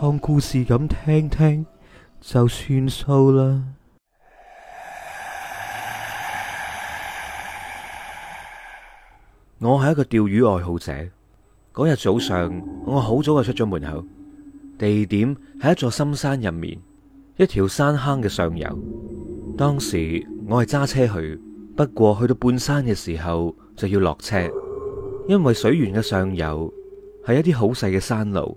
當故事咁聽聽就算數啦。我係一個釣魚愛好者。嗰日早上，我好早就出咗門口，地點係一座深山入面，一條山坑嘅上游。當時我係揸車去，不過去到半山嘅時候就要落車，因為水源嘅上游係一啲好細嘅山路。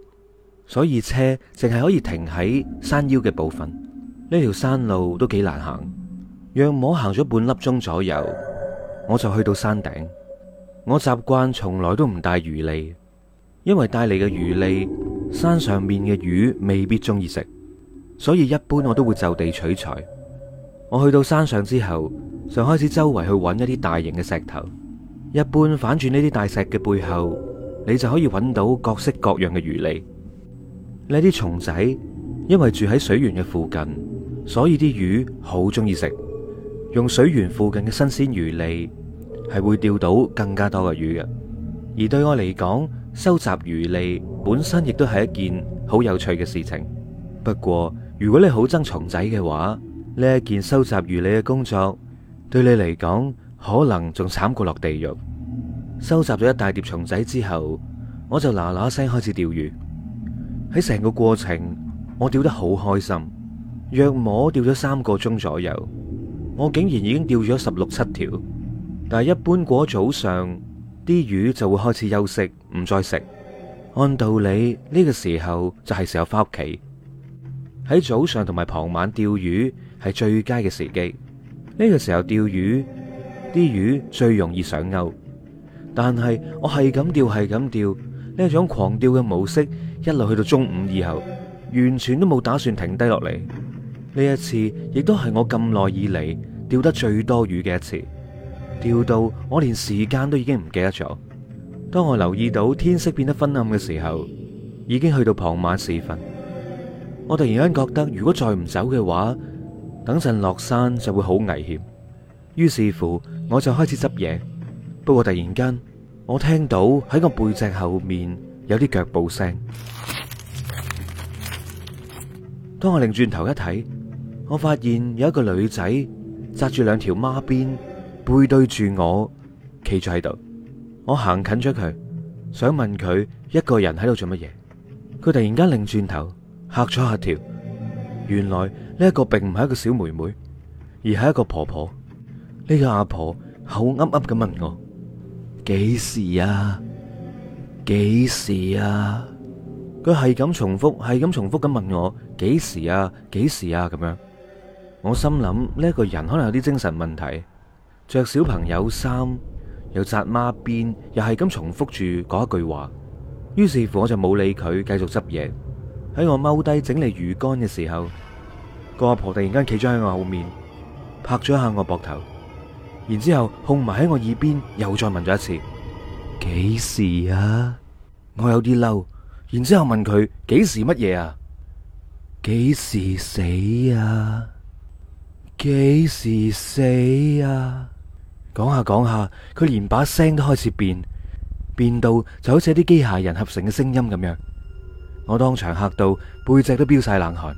所以車淨係可以停喺山腰嘅部分，呢條山路都幾難行，讓我行咗半粒鐘左右，我就去到山頂。我習慣從來都唔帶魚餌，因為帶嚟嘅魚餌山上面嘅魚未必鍾意食，所以一般我都會就地取材。我去到山上之後，就開始周圍去揾一啲大型嘅石頭。一般反轉呢啲大石嘅背後，你就可以揾到各式各樣嘅魚餌。呢啲蟲仔因為住喺水源嘅附近，所以啲魚好中意食。用水源附近嘅新鮮魚餌，係會釣到更加多嘅魚嘅。而對我嚟講，收集魚餌本身亦都係一件好有趣嘅事情。不過，如果你好憎蟲仔嘅話，呢一件收集魚餌嘅工作，對你嚟講可能仲慘過落地獄。收集咗一大碟蟲仔之後，我就嗱嗱聲開始釣魚。喺成個過程，我釣得好開心。約摸釣咗三個鐘左右，我竟然已經釣咗十六七條。但係一般過早上啲魚就會開始休息，唔再食。按道理呢個時候就係時候翻屋企。喺早上同埋傍晚釣魚係最佳嘅時機。呢個時候釣魚啲魚最容易上鈎。但係我係咁釣，係咁釣呢種狂釣嘅模式。一路去到中午以後，完全都冇打算停低落嚟。呢一次亦都係我咁耐以嚟釣得最多魚嘅一次，釣到我連時間都已經唔記得咗。當我留意到天色變得昏暗嘅時候，已經去到傍晚時分。我突然間覺得，如果再唔走嘅話，等陣落山就會好危險。於是乎，我就開始執嘢。不過突然間，我聽到喺我背脊後面有啲腳步聲。當我擰轉頭一睇，我發現有一個女仔紮住兩條孖辮，背對住我企咗喺度。我行近咗佢，想問佢一個人喺度做乜嘢。佢突然間擰轉頭，吓咗吓跳。原來呢一個並唔係一個小妹妹，而係一個婆婆。呢個阿婆口噏噏咁問我：幾時啊？幾時啊？佢係咁重複，係咁重複咁問我幾時啊？幾時啊？咁樣，我心諗呢一個人可能有啲精神問題，着小朋友衫又紮孖辮，又係咁重複住嗰一句話。於是乎，我就冇理佢，繼續執嘢。喺我踎低整理魚竿嘅時候，個阿婆突然間企咗喺我後面，拍咗一下我膊頭，然之後哄埋喺我耳邊又再問咗一次：幾時啊？我有啲嬲，然之後問佢幾時乜嘢啊？幾時死啊？幾時死啊？講下講下，佢連把聲都開始變，變到就好似啲機械人合成嘅聲音咁樣。我當場嚇到背脊都飆晒冷汗，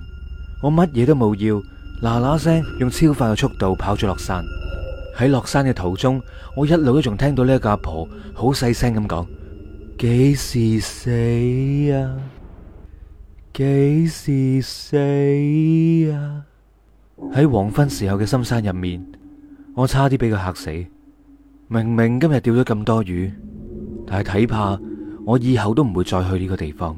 我乜嘢都冇要，嗱嗱聲用超快嘅速度跑咗落山。喺落山嘅途中，我一路都仲聽到呢一個阿婆好細聲咁講。幾時死呀？幾時死呀？喺黃昏時候嘅深山入面，我差啲俾佢嚇死。明明今日釣咗咁多魚，但係睇怕我以後都唔會再去呢個地方。